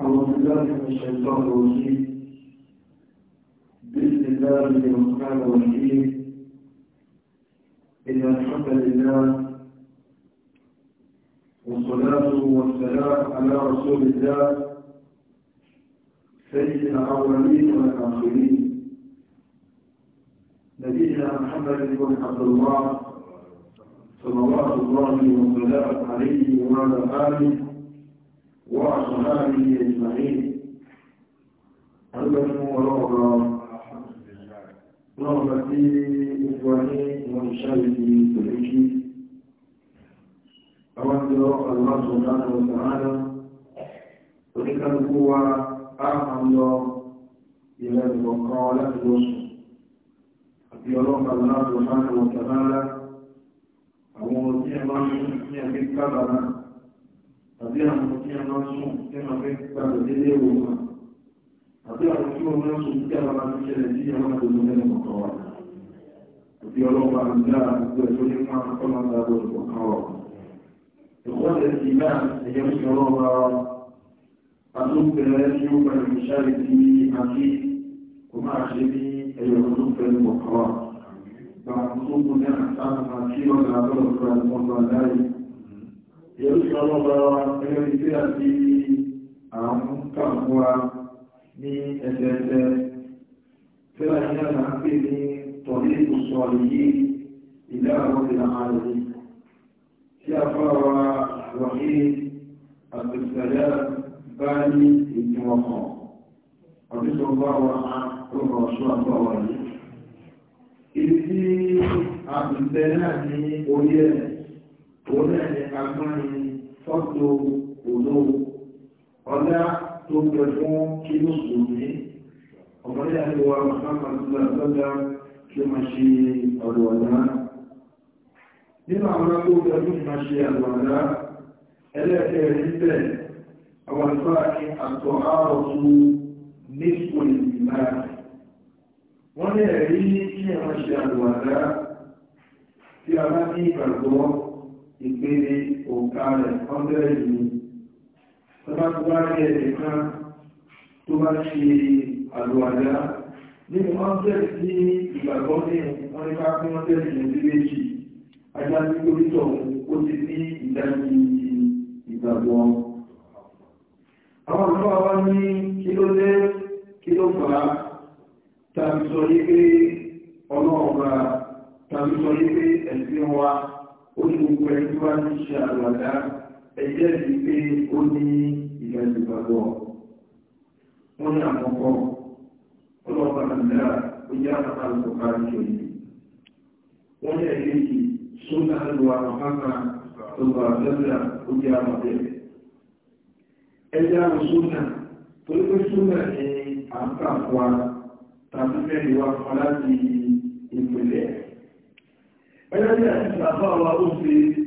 أعوذ بالله من الشيطان الرجيم بسم الله الرحمن الرحيم إن الحمد لله والصلاة والسلام على رسول الله سيد الأولين والآخرين نبينا محمد بن عبد الله صلوات الله وسلامه عليه وعلى آله وأصحابه أجمعين أنتم ورغم رغبتي إخواني ومشاهدي بالعجي أود الله سبحانه وتعالى وذكر القوة أعمل إلى المقالة الوصف àti ọlọ́pàá aláàbò máa ń wọ̀tà lára àwọn tí ẹ máa ń ní ẹgbẹ́ kábàrà àbí àwọn tí a máa sùn tí a máa fẹ́ gbàgbọ́ délé wò wọn àbí àwọn tí wọn máa sùn tí a máa fi ṣẹlẹ̀ tí a máa dòdò lẹ́nu kọ̀ọ̀kan wa àbí ọlọ́pàá ń dá àgbẹ̀ tó ní fún akọ́kọ́ máa ń dá lọ́dọ̀ kọ̀ọ̀kan wa. ìkọ́lẹ̀ sí náà ẹ̀yẹ ń sọ lọ́wọ́ wa àtúnbẹ̀rẹ̀ tí ó gba ìṣàlẹ̀ tí a fi kò máa ṣe ní ẹ̀yọ̀ tó fẹ́ kọ̀ọ̀kan wa. bàbá tó kún náà sáà máa kí ọ̀gá lọ́dọ̀ yẹ̀rù sọ́lọ́ bá wa ẹgbẹ́ tí a ti àwọn kàmúwa ní ẹsẹẹsẹ tí a ṣe náà ń pè ní tọ̀lé ìsọ̀ yìí ilé àwọn ìlànà rẹ̀ tí a fọ́ wa wọ̀nyí àtẹ̀sẹ̀lẹ̀ bá ní ìtumọ̀ kan ọdún tó bá wa tó bọ̀ ṣọ́ àbọ̀ wọ̀nyí. Ibi tí a ti bẹ̀rẹ̀ náà ní orí ẹ̀ òun náà ní agbọ́nni fọ́tò olówó ọ̀dá tó pẹ̀ fún kí ló sùn ní ọmọdé àti wa mọ̀sánmà tó lọ sọ́jà kí ó máa ṣe ọ̀dọ̀ ọ̀dá nínú àwọn tó pẹ̀ fún kí máa tí a bá ní ìgbàgbọ́ ìpele òǹkà rẹ̀ ọ́ndẹ́rẹ̀ ni tọ́bá tó bá rí ẹ̀rẹ̀ kan tó bá ṣe àlùwàdá nínú ọ́ndẹ́rẹ̀ sí ìgbàgbọ́ ní wọ́n ní ká fún ọ́ndẹ́rẹ̀ ní sí méjì ajá sí kórítọ̀ ó ti ní ìdájí ìgbàgbọ́ àwọn olùkọ́ wa ní kí ló dé ó ní gbogbo ẹni wá ní ṣe àlùwàdá ẹjẹ́ rí pé ó ní ìgbà ìgbàgbọ́ wọ́n ní àkọ́kọ́ ọlọ́ọ̀bà nàìjíríà ó yá àpá àlùkọ́kọ́ àjọ yìí wọ́n ní ẹ̀yẹ́ yìí sódà lọ́wọ́ àpáká tó bá àjọ́jà ó yá àpá bẹ́ẹ̀ ẹjẹ́ àwọn sódà torí pé sódà ni àǹkà fún wa tàbí mẹ́rin wa fún wa láti ìpìlẹ̀ بل الذي أخبر أوفي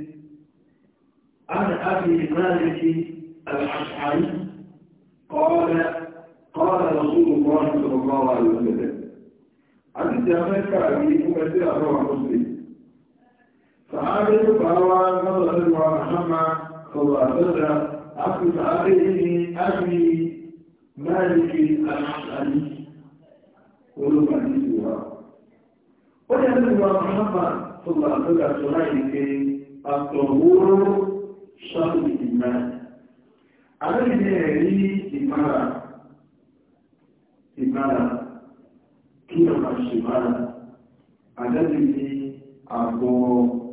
عن أبي مالك الأشعري قال قال رسول الله صلى الله عليه وسلم عن جامعك أبي مكسر أخبر مسلم فعابد فأوى نظر محمد صلى الله عليه وسلم أخذ عليه أبي مالك الأشعري قلوب عن سواه ويقول محمد tó gbà tó ga sọ láì ní pé àtọ̀wóró sọ́ọ̀lù ìmọ̀ àlẹ́yìn ẹ̀rí ìmọ̀ra ìmọ̀ra kí ọmọ ṣèmọ̀ra àlẹ́yìn ní àgọ́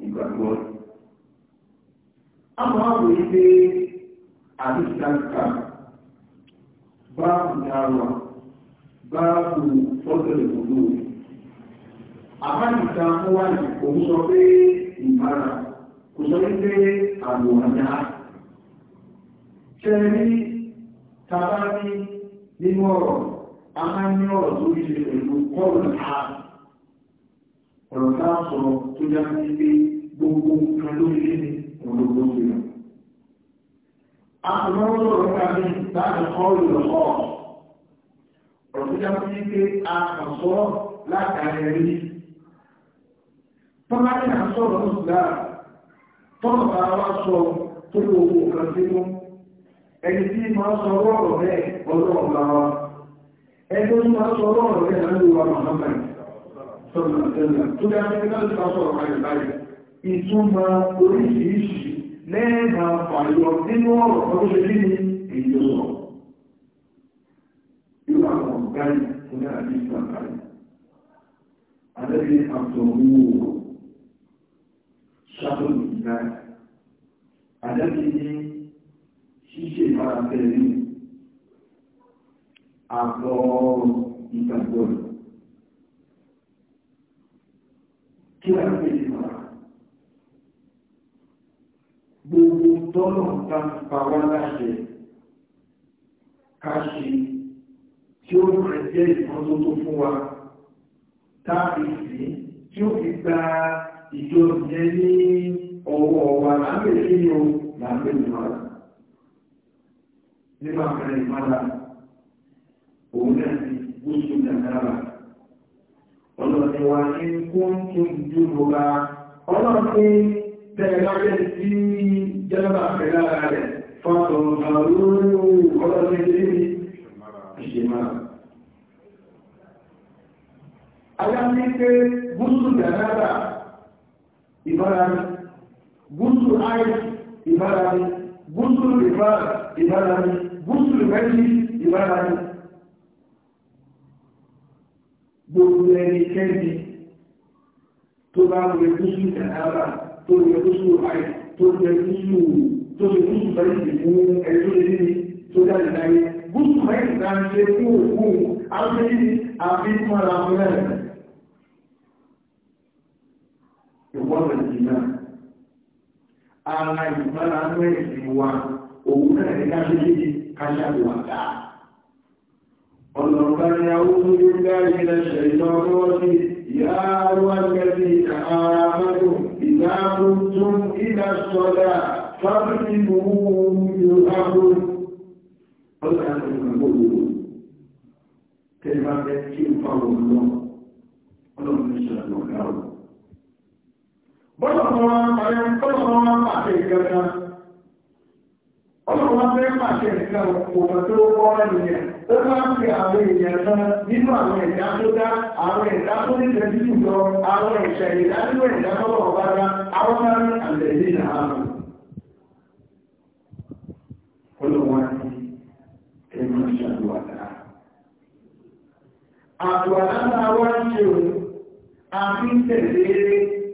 ìgbàgbọ́ àwọn àwọn ìgbé àdìsíláńkà báàbù dáwà báàbù fọ́tẹ̀lẹ̀ gbogbo àbájúta fún wá ní òun sọ pé ìbára kò sọ wípé àwòránjá ṣẹ́rí tàbá ní nínú ọ̀rọ̀ a máa ní ọ̀rọ̀ tó ṣe pẹ̀lú kọ́ọ̀lù ha ọ̀rọ̀ tá a sọ tó já sí pé gbogbo nǹkan ló ṣe ní òdòdó sí lọ. a kò mọ́ sọ̀rọ̀ ọ̀rọ̀ tó já a kàn sọ látàrí rí tọ́lá ní à ń sọ̀rọ̀ ní ìgbà tọ́lọ̀ bá wá sọ tó lò owó kan sínú ẹni tí máa sọ rọ́ọ̀rọ̀ rẹ̀ ọlọ́run bá wa ẹni tó máa sọ rọ́ọ̀rọ̀ rẹ̀ náà ló wà mọ̀hámà sọ̀rọ̀ ìṣẹ̀lẹ̀ tó dá ní ẹgbẹ́ láti sọ ọ̀rọ̀ ayọ̀ báyìí ìtumọ̀ oríṣiríṣi lẹ́ẹ̀mà pàyọ nínú ọ̀rọ̀ ọdún ṣe ní èyí sọ̀rọ̀ irú àwọn ọ̀gáyì fún ní àdíṣà báyìí alẹ́bí àtọ̀wò àtẹ̀lé àtọ̀ ìgbàgbọ́ rẹ̀. Kí wà ní ìgbà? Gbogbo tọ́lọ̀ ń ta pa wá láṣẹ ká ṣe tí ó rẹ̀ jẹ́ ìmọ́tótó fún wa táàbí sí tí ó fi gba ìjọ ìjẹ́ ní ọwọ́ wa lábẹ́ sí ni ó lábẹ́ ìmọ̀ràn. nígbà mẹ́rin mọ́ra òun náà ti gbóṣù nàìjíríà ọlọ́ọ̀ni wa ní kún tún dúró bá ọlọ́ọ̀ni tẹ̀lé lábẹ́ sí jẹ́lọ́bà pẹ̀lú ara rẹ̀ fọ́tọ̀ àrùn ọlọ́ọ̀ni tí ṣe máa Ayá ní pé gúúsù Gàdára ìbára ní, gúúsù Áìsì gúúsùlù ìfà ìbára ni gúúsùlù méjì ìbára ni gbogbo ẹnikẹ́ni tó bá wẹ gúúsùlù ìdára tó wẹ gúúsùlù àì tó wẹ gúúsùlù tó wẹ gúúsùlù méjì fún ẹjọ́ ilé tó jáde láyé gúúsùlù méjì náà ṣe fún òkú àwọn ẹni àfi mọ́ra mọ́ra ara ìgbára ń rẹ̀ sí wa òun náà ní ká ṣe ká ṣàwò àdá. ọlọ́ọ̀bá ni àwọn olùdókòwò ilẹ̀ ṣẹ̀yọ́ lọ́wọ́sí ìyá wákẹ́sí àmàlò ìdáàbòtún ilẹ̀ sọ́dà fábílì ìwúwo ìlú ọlọ́ọ̀bá ni ìgbàgbọ́ tẹ́lẹ̀ bá fẹ́ kí n fa òun lọ ọlọ́run ní ṣàlùwà gáwọ́ bọ́lọ̀ kan wá ń parẹ́ bọ́lọ̀ kan wá ń pàṣẹ ìgbẹ̀ta ọlọ́run wá fẹ́ pàṣẹ ìgbà òkùnkùn tó wọ́ ẹnìyàn ó máa ń fi àwọn èèyàn kan nínú àwọn ẹ̀dá tó dá àwọn ẹ̀dá tó ní tẹ̀sí jùlọ àwọn ẹ̀ṣẹ̀ ìdá nínú ẹ̀dá tọ́lọ̀ ọba dá àwọn máa ń àlẹ́ yìí nà á lò. ọlọ́run wá ní ẹ̀mọ́ ṣàlùwàdà àtùwàdà náà wá ń ṣe òun àfi ń tẹ̀lé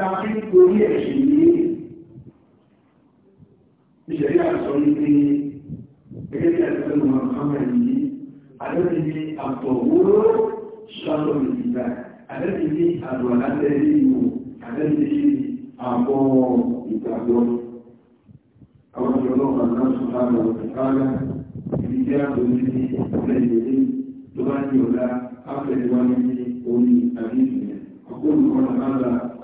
láti nítorí ẹ̀ṣẹ̀ yìí ìṣẹ̀lẹ̀ àṣọ ìpé gẹ́gẹ́ bí àṣẹ́lẹ̀ mọ̀kànlá yìí àdẹ́bí ní àtọ̀wóró ṣọ́lọ̀ ìgbà àdẹ́bí ní àdọ̀ alátẹ́rí ìwò àdẹ́bí ní àbọ̀ ìgbàgbọ́ àwọn ìjọlọ́pàá náà sọ lára ọ̀tẹ̀kálá ìdí jẹ́ àtọ̀wí ní ọ̀lẹ́ ìgbèlé tó bá ní ọ̀la áfẹ́lẹ́wá ní orí àdíjìnà ọkọ̀ olùkọ́